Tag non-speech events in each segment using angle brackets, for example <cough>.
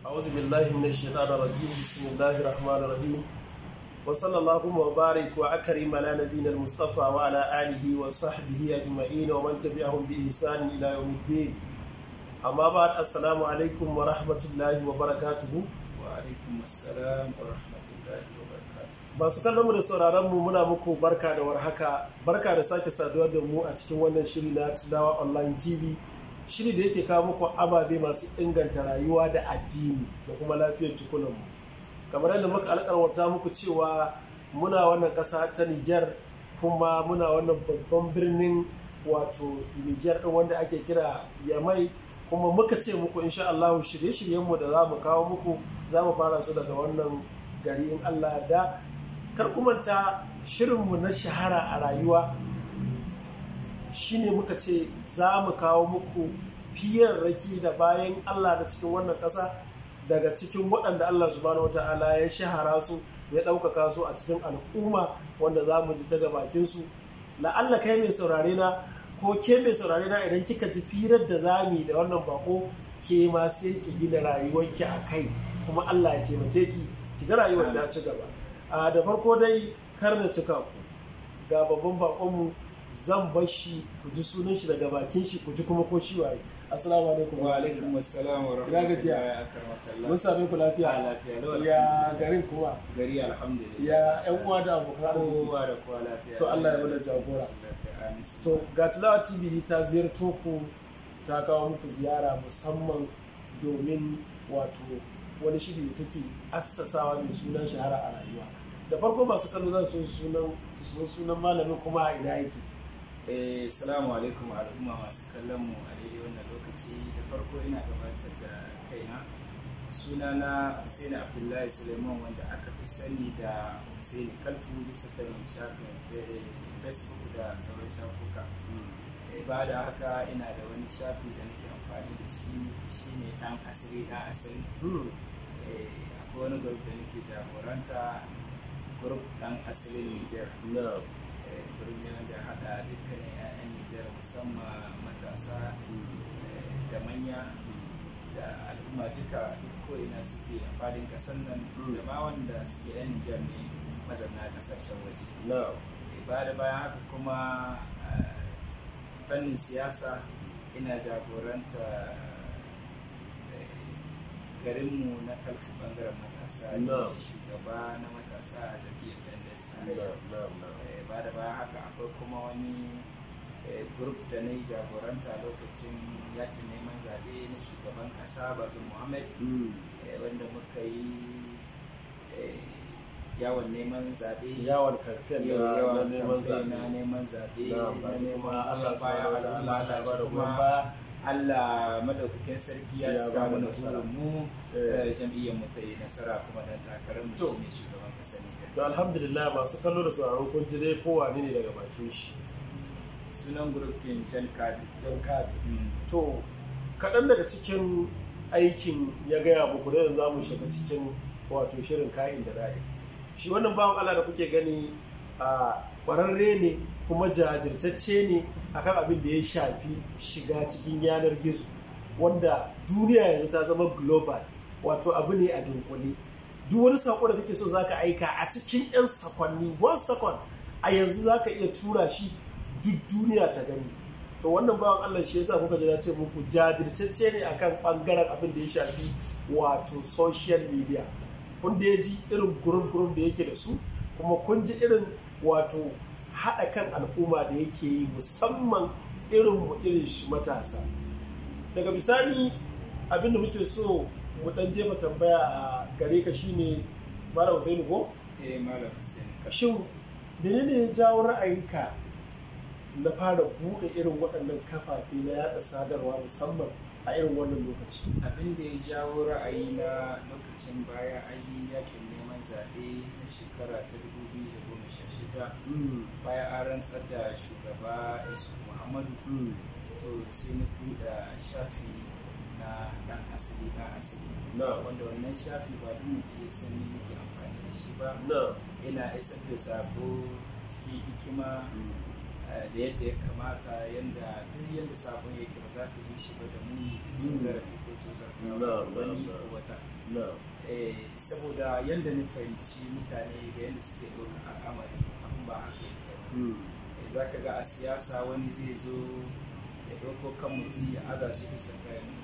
أعوذ بالله من الشيطان الرجيم بسم الله الرحمن الرحيم وصلى الله وبارك وأكرم على نبينا المصطفى وعلى آله وصحبه أجمعين ومن تبعهم بإحسان إلى يوم الدين أما بعد السلام عليكم ورحمة الله وبركاته وعليكم السلام ورحمة الله وبركاته masu kallon mu da sauraron mu muna muku barka da warhaka barka da sake saduwa da mu a cikin wannan shiri na Tilawa Online TV shiri da yake kawo muku ababe masu inganta rayuwa da addini da kuma lafiyar jikunanmu kamar yadda muka alƙalwata muku cewa muna wannan ƙasa ta Nijar kuma muna wannan babban birnin wato Nijar ɗin wanda ake kira Yamai kuma muka ce muku insha Allah shirye-shiryenmu da za mu kawo muku za mu fara su daga wannan gari in Allah da kar kuma ta shirinmu na shahara a rayuwa shine muka ce za mu kawo muku raki da bayan Allah da cikin wannan ƙasa daga cikin waɗanda Allah subhanahu wata'ala ya shahara su ya ɗaukaka su a cikin al'umma wanda za mu ji ta bakin su la'alla kai mai saurare na ko ke mai saurare na idan kika ji firar da zami da wannan bako ke ma sai ki gina rayuwarki a kai kuma Allah ya taimake ki ki ga rayuwar ta ci gaba da farko dai kar na cika ku ga babban bakonmu zan bar shi ku ji sunan shi daga bakin shi ku ji kuma ko shi waye assalamu alaikum wa alaikum assalam wa rahmatullahi wa barakatuh mun same ku lafiya ah, lafiya ya garin kuma gari alhamdulillah ya yan uwa da abokan arziki kowa da kowa lafiya to Allah ya bada jagora to ga tilawa tv ta ziyarto ku ta kawo muku ziyara musamman domin wato wani shiri da take assasawa mai sunan shahara a rayuwa da farko masu kallo za su sunan malamin kuma a ina yake Assalamu eh, alaikum al'umma masu kallon mu a daidai wannan lokaci da farko ina gabatar da kaina suna sunana Hussein Abdullahi Suleiman wanda aka fi sani da Hussein Kalfu bisa kan shafin Facebook da sauran shafuka. Eh, ba da haka ina da wani shafi da nake amfani da shi shi ne dan asali dan asali. Eh, akwai wani group da nake jagoranta group ɗan asalin Niger. kurmiya da haɗa dukkanin 'ya'yan nijar musamman matasa eh, da manya da al'umma duka duk ko'ina suke a fadin ƙasar nan mm. da ma wanda suke 'yan nijar ne mazanna ƙasashen waje eh, ba da bayan haka kuma eh, fannin siyasa ina jagoranta garinmu na kalfi bangaren matasa da shugaba na matasa a jam'iyyar tendes tare da bayan haka akwai kuma wani eh, grup da na yi jagoranta lokacin yakin neman zaɓe na shugaban ƙasa bazu muhammad hmm. eh, wanda muka yi eh, yawon neman zaɓe yawon karfe na neman zaɓe na neman Allah baya Allah Allah ba kuma Allah madaukakin sarki ya cika mana burin mu jam'iyyar mu ta yi nasara kuma dan takarar mu shine shugaban to alhamdulillah masu kallo da sauraro kun ji dai kowa ne daga bakin shi sunan gurbin jan kadi jan kadi mm. to kaɗan daga cikin aikin ya gaya muku da za mu shiga cikin wato shirin kayan da ra'ayi shi wannan bawan Allah da kuke gani a kwararre ne kuma jajirtacce ne akan abin da ya shafi shiga cikin yanar gizo wanda duniya yanzu ta zama global wato abu ne a dunkule duk wani sako da kake so zaka aika a cikin 'yan sakonni one second a yanzu zaka iya tura shi duk duniya ta gani to wannan bawan Allah shi yasa kuka jira ce muku jajirtacce ne akan bangaren abin da ya shafi wato social media kun da ya ji irin gurum gurum da yake da su kuma kun ji irin wato haɗa kan al'umma da yake yi musamman irin mu irin shi matasa daga bisani abin da muke so mu dan jefa tambaya a gare ka shine Malam Husaini ko? Eh Malam Husaini. Shin menene ya jawo ra'ayinka na fara buɗe irin waɗannan kafafe na yaɗa sadarwa musamman a irin wannan lokaci? Abin ya jawo ra'ayi na lokacin baya ayi yakin neman zaɓe na shekara ta 2016 hmm. Baya an rantsar da shugaba Yusuf Muhammadu hmm. to sai na buɗe shafi na dan asali dan asali wanda wannan shafi ba duk mutum ya san ni yake amfani da shi ba ina isar da sabo cikin hikima mm. eh, da yadda ya kamata yadda duk yanda sabon yake ba za ka ji shi ba da muni da cin mm. zarafi ko tozarta wani wata eh, saboda yadda na fahimci mutane da yadda suke ɗauka al'amari abin ba haka yake mm. eh, za ka ga a siyasa wani zai zo ya ɗauko kan mutum ya aza shi bisa kan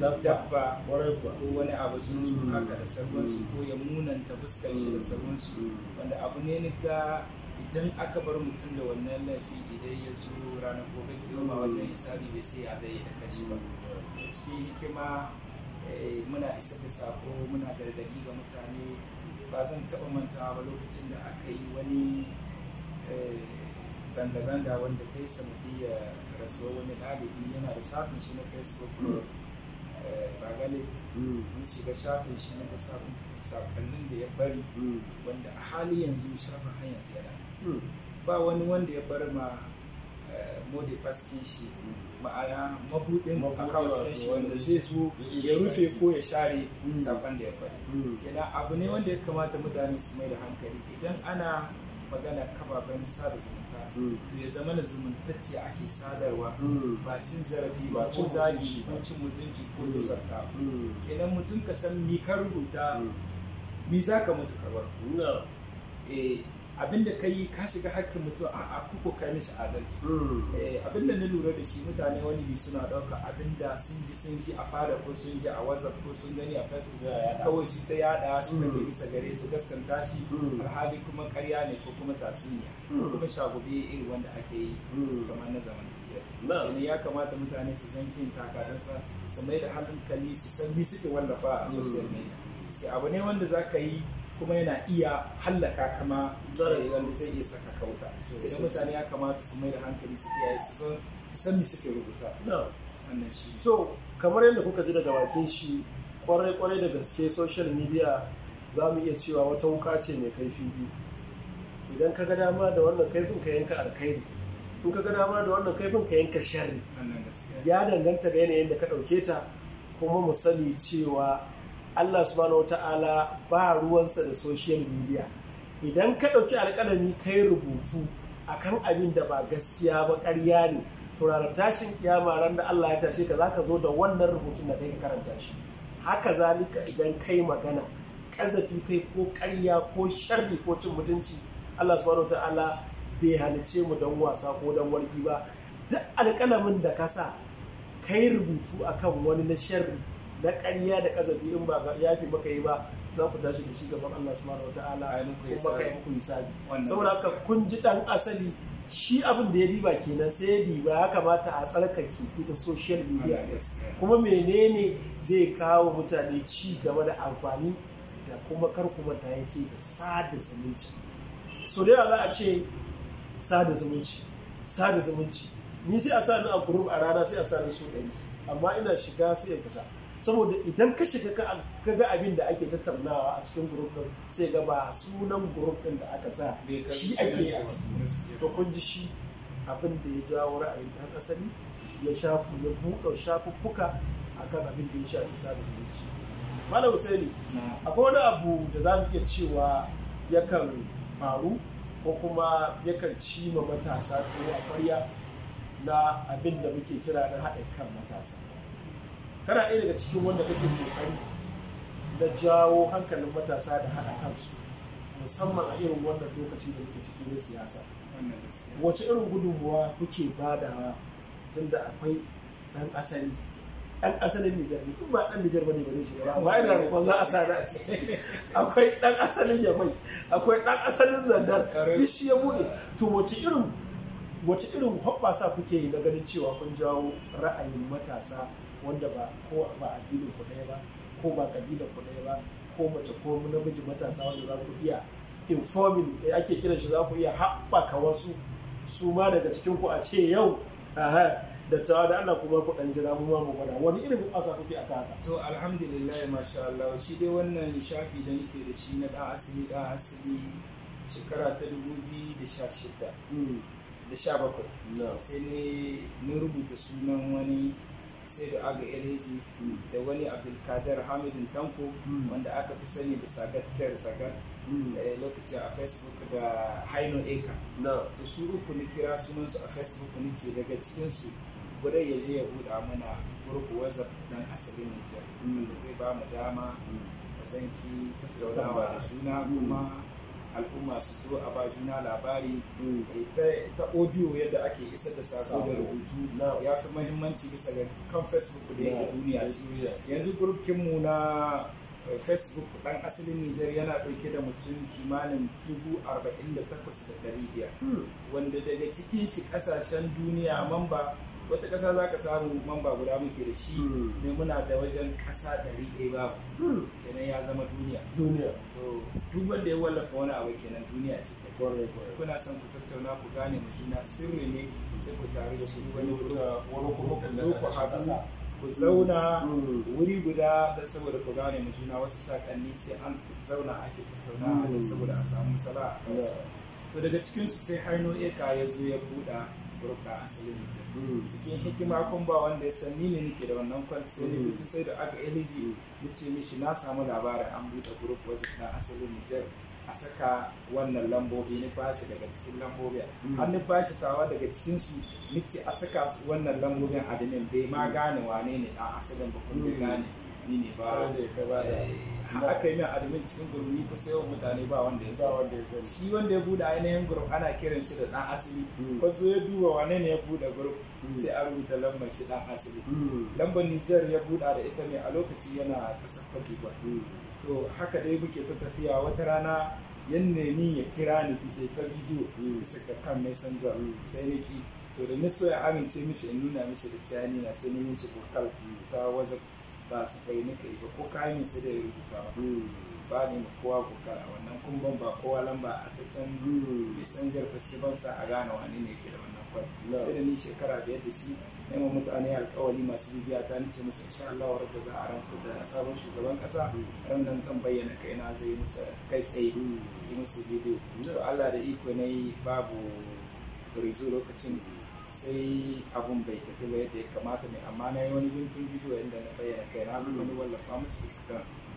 dabba ko wani abu sun haka da sabonsu ko ya munanta fuskar shi da sabonsu wanda abu ne ni ga idan aka bar mutum da wannan laifi idan ya zo ranar gobe kiyoma wajen hisabi bai sai ya zai da kashi ba cikin hikima eh, muna isa da sako muna gargadi ga mutane ba zan taɓa mantawa ba lokacin da aka yi wani eh, zanga-zanga wanda ta yi sanadiyar rasuwar wani ɗalibi yana da shafin shi na facebook bagale hmm. na shiga shafin shi na sakonnin da ya bari hmm. wanda a hali yanzu shafin hanyar yana hmm. ba wani wanda ya bar ma eh, mode faskin shi ma'ana mabudin shi wanda zai zo ya rufe ko ya share sakon da ya bari kenan abu ne wanda ya kamata mutane su mai da hankali idan ana magana kababen sada zumunta to ya zama na zumuntacce ake sadarwa hmm. ba cin zarafi ba ko zagi ba cin mutunci ko hmm. tozarta hmm. kenan mutum ka san mi ka rubuta mi za ka mutu ka abinda ka yi ka shiga hakkin mutum a kuko kai mishi adalci mm. eh, abinda na lura da shi mutane wani bi suna ɗauka abinda sun ji sun ji a fara ko sun ji a whatsapp ko sun gani a facebook kawai shi ta yada su ke mm. bisa gare su gaskanta shi mm. alhali kuma karya ne ko kuma tatsuniya kuma shagube irin wanda ake yi kamar na zamantakewa ya kamata mutane su san kin takatsantsa su mai da hankali su san mi suke wallafa a social media abu ne wanda za ka yi kuma yana iya hallaka kama zarar wanda zai iya saka kauta idan mutane ya kamata su mai da hankali su kiyaye su san su san me suke rubuta wannan shi to kamar yadda kuka ji daga wakin shi kwarai kwarai da gaske social media za mu iya cewa wata wuka ce mai kaifi biyu idan ka ga dama da wannan kaifin ka yanka alkhairi in ka ga dama da wannan kaifin ka yanka sharri ya danganta ga yanayin da ka ɗauke ta kuma mu sani cewa Allah subhanahu ta'ala ba ruwansa da social media idan ka ɗauki alƙalami ka yi rubutu akan abin da ba gaskiya ba ƙarya ne to ranar tashin kiyama ran da Allah ya tashe ka zaka zo da wannan rubutun da kai ka karanta shi haka zalika idan kai magana kazafi kai ko ƙarya ko sharri ko cin mutunci Allah subhanahu ta'ala bai halice mu dan wasa ko don warki ba duk alƙalamin da ka sa kai rubutu akan wani na sharri na ƙarya da kazafi in ba ya fi maka yi ba za ku tashi da shi gaban Allah su mara wataala kuma kai muku hisabi saboda haka kun ji ɗan asali shi abin da ya riba kenan sai ya diba ya kamata a tsarkake ita social media kuma menene zai kawo mutane ci gaba da amfani da kuma kar kuma ta yi ce da sada zumunci so da yawa za a ce sada zumunci sada zumunci ni sai a sa ni a group a rana sai a sa ni so ɗari amma ina shiga sai ya fita saboda idan ka shiga ka ga abin da ake tattaunawa a cikin group din sai ga ba sunan group din da aka sa shi ake a to kun ji shi abin da ya jawo ra'ayin ta asali ya shafu ya buɗe shafuffuka akan abin da ya shafi da zumunci malam husaini akwai wani abu da za mu iya cewa yakan faru ko kuma yakan ci ma matasa ko a na abin da muke kira na haɗa kan matasa kana ɗaya daga cikin wanda kake ƙoƙari na jawo hankalin matasa da haɗa kansu musamman a irin wannan lokaci da muke ciki na siyasa wace irin gudunmuwa kuke badawa tun da akwai ɗan asali ɗan asalin Nijar ne kuma ɗan Nijar bane ba zai shiga ba yana rufon za a sa da a ce <laughs> akwai ɗan asalin Yamai akwai ɗan asalin Zandar duk shi ya buɗe to wace irin wace irin hoɓɓasa kuke yi na ganin cewa kun jawo ra'ayin matasa wanda ba ko ba addinin ku ɗaya ba ko ba kabila ku ɗaya ba ko mace ko namiji matasa wanda za ku iya informing da eh, ake kiran shi za ku iya haɓaka wasu su ma daga cikin ku a ce yau dattawa da Allah kuma ku dan jira mu ma mu gwada wani irin asa kuke aka haka to alhamdulillah masha Allah shi dai wannan shafi da nake da shi na da asali da asali shekara ta 2016 da 17 hmm. sai ne na rubuta sunan wani sai da aga eleji da wani abdulkadir hamidin tanko hmm. wanda aka fi sani da sagat care sagat hmm. eh, lokacin a facebook da haino eka to su uku ni kira sunansu a facebook ni ce daga cikinsu gudai ya je ya buɗa mana gurgu wazar dan asalin nijar hmm. wanda zai ba mu dama zanki tattaunawa da suna. kuma al'umma su zo a ba juna labari ta audio yadda ake isar da sako da rubutu ya fi mahimmanci bisa ga kan facebook da yake duniya ce yanzu mu na eh, facebook dan asalin nijar yana ɗauke da mutum kimanin dubu arba'in da takwas da ɗari biyar hmm. wanda daga cikin shi ƙasashen duniya mamba wata ƙasa za ka samu mamba guda muke da shi ne hmm. muna da wajen ƙasa ɗari babu hmm. kenan ya zama duniya duk wanda ya wallafa wani abu kenan duniya ce ta kuna son ku tattauna ku gane mu juna sirri ne sai ku tare da wani wani kuma ku zo ku haɗu ku zauna mm. wuri guda da saboda ku gane mu juna wasu sakanni sai an zauna ake tattauna da mm. saboda a samu sala a kansu to daga cikinsu sai haino eka ya zo ya buɗa group na asalin hmm. cikin hikima kun ba wanda ya san ni ne nake da wannan kwal sai ne duk hmm. sai da aka energy na ce mishi na samu labarin an buɗe group wasu na asalin mutum a saka wannan lambobi ni bashi daga cikin lambobi hmm. an ni bashi tawa daga cikin su nice a saka su wannan lambobin adinin bai ma gane wane ne dan asalin ba kun gane ni ne ba aka yi min admin cikin group ni ta sayo mutane ba wanda ya sayo shi wanda ya buɗe ainihin group ana kiran shi da ɗan asali hmm. wasu ya duba wane ne ya buɗe group hmm. sai a rubuta lambar shi ɗan asali hmm. lambar Nijar ya buɗa da ita ne a lokaci yana ƙasar Cote to haka dai muke ta tafiya wata rana yan nemi ya kira ni ta bidiyo bisa ga kan messenger sai to da ni so ya amince mishi in nuna mishi da cani na sai na mishi bukal ta wazaf ba su kai kai ba ko kayan su da rubuta ba hmm. ne ma kowa a wannan kumban ba kowa lamba a ta can hmm. bai san ban sa a gane wani ne ke da wannan kwai sai da ni shekara biyar da shi ne ma mutane alkawari masu bibiya ta nace musu insha Allah wa rabba za a rantsar da sabon shugaban kasa hmm. ran nan zan bayyana kaina zai musu kai tsaye yi musu bidiyo to Allah da iko nayi babu rizo lokacin sai abun bai tafi ba yadda ya kamata ne amma na yi wani guntun bidiyo inda na bayyana kai na wani wallafa musu suka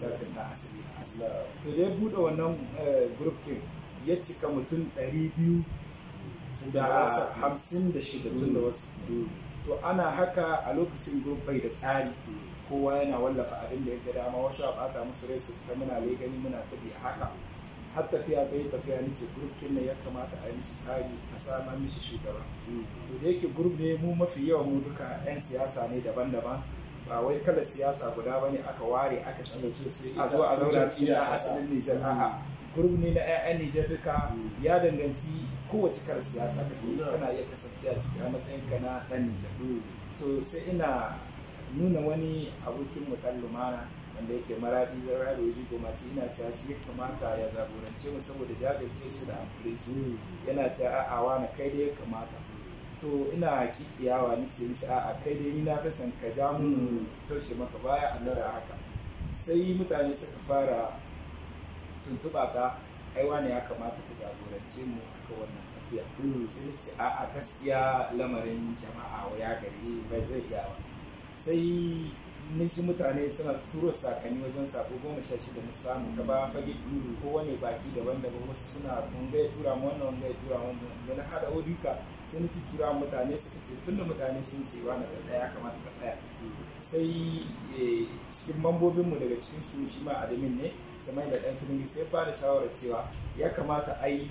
shafin na asali na asali to dai bude buɗe wannan eh, gurfin ya cika mutum ɗari biyu da hamsin da shida tun da wasu to ana haka a lokacin bai da tsari kowa yana wallafa abin da ya dama wasu a ɓata musu rai su fita muna lai gani muna tabi a haka har tafiya ta yi tafiya ni ce grup kin ne ya kamata a yi mishi tsari a sama mishi shugaba to da yake grup ne mu mafi yawan mu duka 'yan siyasa ne daban-daban ba wai kala siyasa guda ba ne aka ware aka ci a zo a zauna cikin asalin Nijar a'a grup ne na 'ya'yan Nijar duka hmm. ya danganci kowace kala siyasa kake hmm. kana iya a cikin a matsayin ka na dan Nijar hmm. to sai ina nuna wani abokin mu kan lumana wanda yake maradi da ya jigo mati yana ta shi kamata ya zagorance mu saboda jajirce shi da amfani yana ta a'a wani kai da ya kamata to ina kikiyawa ni ce mishi a'a kai dai ni na fi ka ja mu taushe maka baya a nara haka sai mutane suka fara tuntuɓa ta aiwa ne ya kamata ka jagorance mu aka wannan tafiya sai ni ce a'a gaskiya lamarin jama'a ya gare shi bai zai iya ba sai nishi mutane suna turo sakani wajen sako goma sha shida na samu ta ba fage duru ko wani baki daban daban wasu suna wanga ya tura wannan wanga ya tura wannan da na hada duka sun na tura mutane suka ce tunda mutane sun ce wani da ya kamata ka tsaya sai eh, cikin mambobin mu daga cikin su shi ma adamin ne sama da dan filin sai ba da shawarar cewa ya kamata ai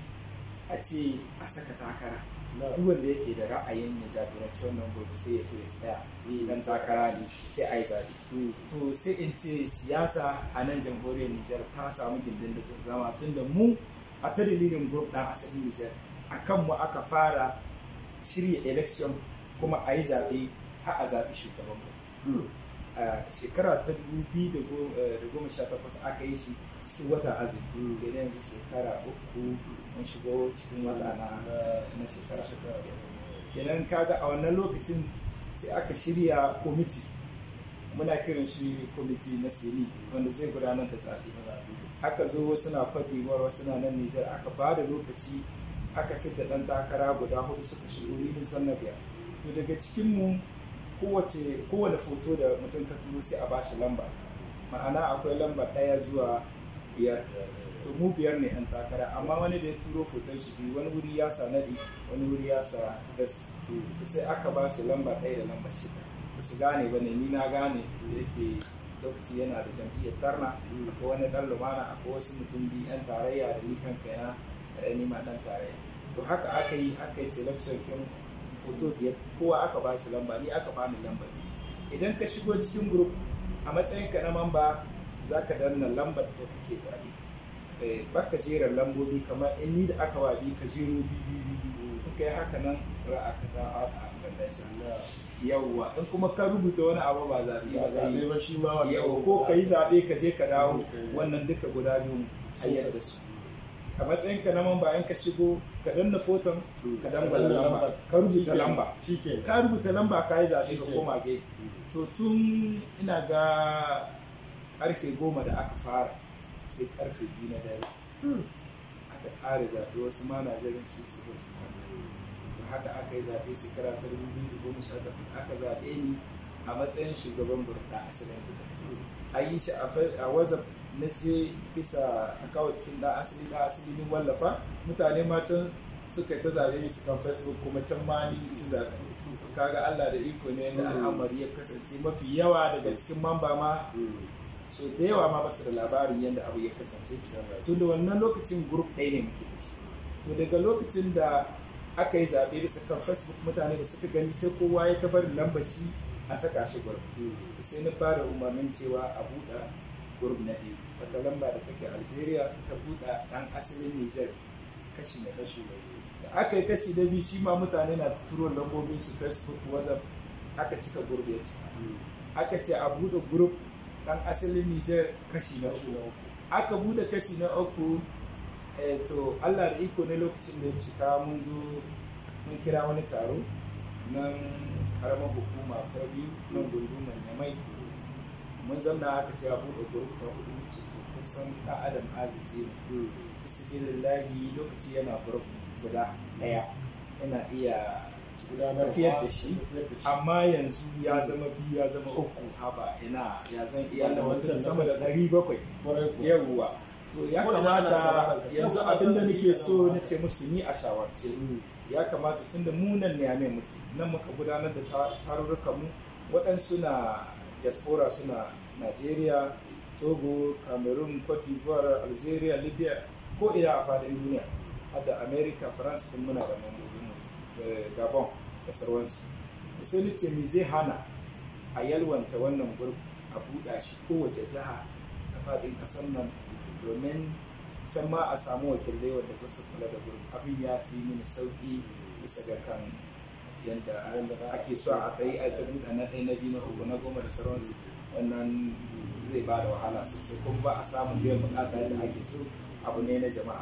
a ce a saka takara duk wanda yake da ra'ayin ya jagoranci nan gobe sai ya fi ya tsaya shi mm. dan takara ne sai a yi zaɓe mm. to sai in ce siyasa a nan jamhuriyar nijar ta samu gindin da zama tun da mu a ta dalilin group ɗan asalin nijar a kan mu aka fara shirya election kuma a yi zaɓe har a zaɓi shugaban mu mm. a shekara ta 2018 eh, aka yi shi cikin wata azumi da yanzu shekara uku mun shigo cikin wata na shekara kenan kaga a wannan lokacin sai aka shirya komiti, muna kiran shi komiti na sini wanda zai gudanar da zaɓe aka zo wasu na fadiwar wasu na nan nijar aka ba da lokaci aka da ɗan takara guda hudu suka shigo ni sannan to daga cikin cikinmu kowane foto da mutum ka turo sai a bashi lamba ma'ana akwai lamba ɗaya zuwa biyar to mu biyar ne yan takara amma wani da ya turo foton shi biyu wani wuri ya sa nadi wani wuri ya sa best to sai aka ba su lamba ɗaya da lamba shida ba su gane ba ne ni na gane da yake lokaci yana da jam'iyyar tarna ko wani ɗan lumana akwai wasu mutum biyu yan tarayya da ni kanka yana eh, ni ma ɗan tarayya to haka aka yi aka yi selection kin foto biyar kowa aka ba su lamba ni aka ba ni lamba idan ka shigo cikin group a matsayinka na mamba za ka danna lambar da kake zaɓe Eh, baka jera lambobi kamar in ni da aka wa bi ka jero bi bi bi bi kuka yi haka nan ra'a ka ta aka ambata shi yawwa in kuma ka rubuta wani abu ba zaɓe ba zai ba shi ma yawwa ko ka yi zaɓe ka je ka dawo mm, wannan duka guda biyu ayyar da su a matsayin ka na man in ka shigo ka danna foton mm, ka danna lamba ka rubuta lamba ka rubuta lamba ka yi zaɓe ka koma gai mm. to tun ina ga karfe goma da aka fara sai karfe biyu na dare hmm. aka ƙara zaɓe wasu manajerin sun su da su haka aka yi zaɓe shekara ta dubu biyu da goma sha takwas aka zaɓe ni a matsayin shugaban burka a sinan da a yi shi a wazaf na je bisa a kawo cikin ɗan asali ɗan asali ni wallafa mutane ma can suka yi ta zaɓe su kan facebook kuma can ma ni ci zaɓe kaga Allah da iko ne da hmm. al'amari ya kasance mafi yawa daga cikin mamba ma hmm. so da yawa ma basu da labarin yadda abu ya kasance to da wannan lokacin group ɗaya ne muke da shi to daga lokacin da aka yi zaɓe bisa kan facebook mutane da suka gani sai kowa ya ta bari lambar shi a saka shi group sai na fara umarnin cewa a buɗa gurb na ɗaya wata lamba da take algeria ta buɗa ɗan asalin niger kashi na kashi da aka yi kashi da biyu shi ma mutane na turo lambobin su facebook whatsapp aka cika gurb ya ci. aka ce a buɗe gurb dan asalin Nijar kashi na uku aka bude kashi na uku eh, to Allah da iko ne lokacin da ya cika mun zo mun kira wani taro nan karamar hukuma ta biyu nan gundumar Yamai mun zamna aka ce abu da gurbi na hudu mace to kusan da adam azizi ne lokaci yana gurbi guda daya yana iya tafiyar da shi amma yanzu ya zama biyu ya zama uku haba ina ya zan iya da mutum sama da ɗari bakwai yawuwa to ya kamata yanzu abinda nike nake so na ce musu ni a shawarce mm. ya kamata tun da munan ne ne muke nan muka gudanar da tarurruka mu waɗansu na diaspora suna nigeria Togo Cameroon Cote d'Ivoire Algeria Libya ko ina a faɗin duniya hada America France din muna da mambobi Eh, gabon da sauransu to sai na me zai hana a yalwanta wannan gurbi a buɗa shi kowace jiha ta faɗin ƙasar nan domin can ma a samu wakilai wanda za su kula da gurgu abin ya fi mini sauƙi bisa ga kan yadda ake so a tsayi a ta buɗa na ɗaya na biyu na uku na goma da sauransu wannan zai ba da wahala sosai kuma ba a samun biyan buƙata da ake so abu ne na jama'a